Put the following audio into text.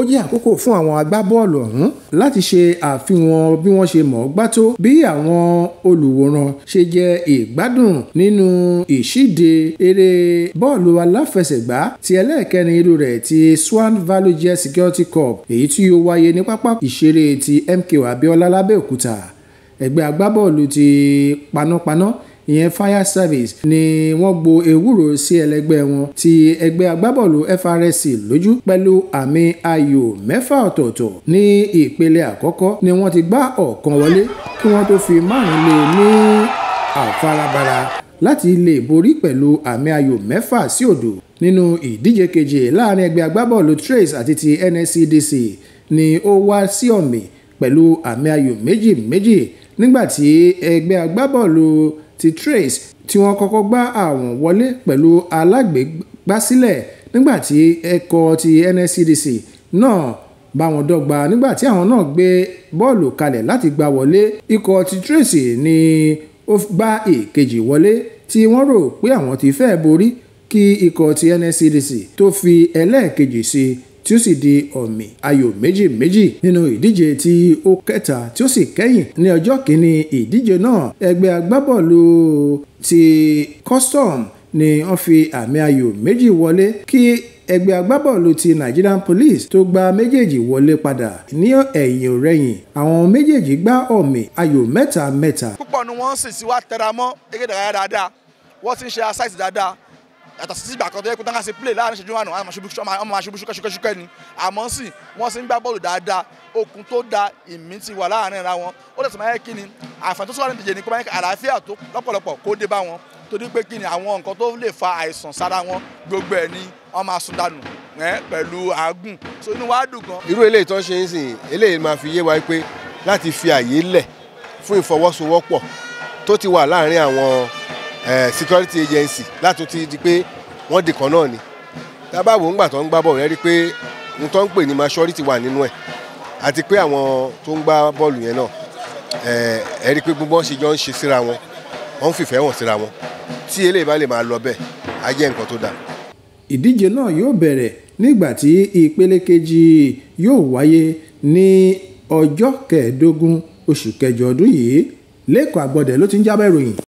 ó jẹ́ àkókò fún àwọn agbábọ́ọ̀lù ọ̀hún láti ṣe àfihàn bí wọ́n ṣe mọ̀ ọ́ gbá tó bí àwọn olùwòran ṣe jẹ ìgbádùn nínú ìṣíde eré bọ́ọ̀lù aláfẹsẹ̀gbá ti ẹlẹ́ẹ̀kẹrin irú rẹ̀ ti Swan Valley Jet Security Cup èyí tí ó wáyé ní pápá ìṣeré ti MKO Abiola lábẹ́òkúta ẹgbẹ́ agbábọ́ọ̀lù ti panápaná ìyẹn fire service ni wọ́n gbo ewúro sí ẹlẹgbẹ́ wọn ti ẹgbẹ́ agbábọ́ọ̀lù FRSC lójú pẹ̀lú àmì ayò mẹ́fà ọ̀tọ̀ọ̀tọ̀ ní ìpele àkọ́kọ́ ni wọ́n ti gbá ọ̀kan wọlé kí wọ́n tó fi márùn-ún lé e ní àfarabara láti lè borí pẹ̀lú àmì ayò mẹ́fà sí òdo nínú ìdíje keje láàrin ẹgbẹ́ agbábọ́ọ̀lù Trace àti ti NSCDC ni ó wá sí ọ̀mì pẹ̀lú àmì ayò méjì méjì nígbàtí ẹgbẹ́ agbábọ́ọ̀lù ti Trace tí wọ́n kọ́kọ́ gbá àwọn wọlé pẹ̀lú alágbèégbásílẹ̀ nígbà tí ẹ̀kọ́ ti NSCDC náà bá wọn dọ́gba nígbà tí àwọn náà gbé bọ́ọ̀lù kalẹ̀ láti gbá wọlé ikọ̀ ti Trace ni ó gbá èkejì wọlé tí wọ́n rò pé àwọn ti fẹ́ borí kí ikọ̀ ti NSCDC tó fi ẹlẹ́ẹ̀kejì sí tí ó sì di ọ̀mì ayò méjì méjì nínú ìdíje tí ó kẹta tí ó sì kẹ́yìn ní ọjọ́ kìíní ìdíje náà ẹgbẹ́ agbábọ́ọ̀lù ti custom ni wọ́n fi àmì ayò méjì wọlé kí ẹgbẹ́ agbábọ́ọ̀lù ti Nigerian Police tó gba méjèèjì wọlé padà ní ẹ̀yìn òrẹ́yìn àwọn méjèèjì gbá ọ̀mì ayò mẹ́ta mẹ́ta. púpọ̀ ni wọ́n sì ti wá tẹra mọ́ eré dáadáa wọ́n ti ń ṣe aṣáìsì dáadáa yàtọ̀ sí ìgbà kan tó yẹ kó tán ká ṣe play láàrin ìṣẹ́jú àná àwọn aṣojú ṣúkẹ́ṣúkẹ́ ni àmọ́ sì wọ́n sì ń gbá bọ́ọ̀lù dáadáa okun tó da ìmí ti wà láàrin ra wọn ó lè sọmọ ayé kí ni àǹfààní tó sọ wà ní ìdíje ni kó máa ń àlàáfíà tó lọ́pọ̀lọpọ̀ kó dé bá wọn torí pé kí ni àwọn nǹkan tó lè fa àìsàn sára wọn gbogbo ẹ̀ ni wọ́n máa sùn dànù pẹ̀lú àágùn so inú wa dùn gan. irú eléyìí tó ń ṣe ń sìn eléyìí máa fi yé wa pé láti fi àyè lẹ̀ fún ìfọwọ́sowọ́pọ̀ tó ti wà láàrin àwọn Eh, security agency látún ti di pé wọ́n di kan náà ni tábàwò ńgbà tó ń gbá bọ́ọ̀lù rẹ rí pé n tó ń pè ní maturity wà nínú ẹ̀ àti pé àwọn tó ń gbá bọ́ọ̀lù yẹn náà eh, ẹ rí pé gbogbo ṣe jọ ń ṣe síra wọn wọ́n ń fìfẹ́ wọn síra wọn tí eléyìí bá lè máa lọ bẹ́ẹ̀ á jẹ́ nǹkan tó dáa. ìdíje náà yóò bẹ̀rẹ̀ nígbà tí ìpele kejì yóò wáyé ní ọjọ́ kẹẹ̀ẹ́dógún oṣù kẹjọ ọdún yìí lẹ́kọ̀ọ́ àgbọ̀dẹ ló ti ń jábẹ́ ròyìn.